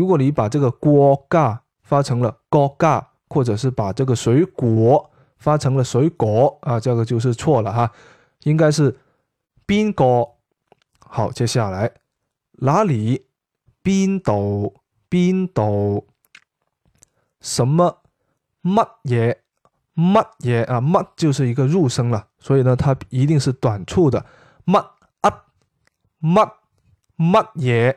如果你把這個鍋蓋發成了鍋蓋，或者是把這個水果發成了水果啊，這個就是錯了哈、啊，應該是邊個。好，接下來哪裏邊度邊度，什麼乜嘢乜嘢啊？乜就是一個入聲了，所以呢，它一定是短促的乜啊乜乜嘢。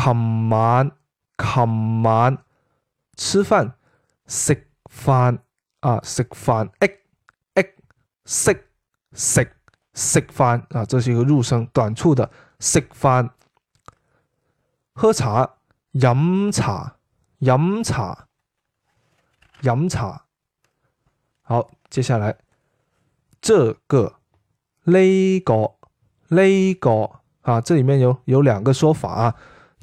琴晚，琴晚，吃飯，食飯啊，食飯，欸、欸欸、食食食飯啊，這是一個入聲短促的食飯。喝茶，飲茶，飲茶，飲茶。好，接下來這個、呢個、呢個啊，這裏面有有兩個說法啊。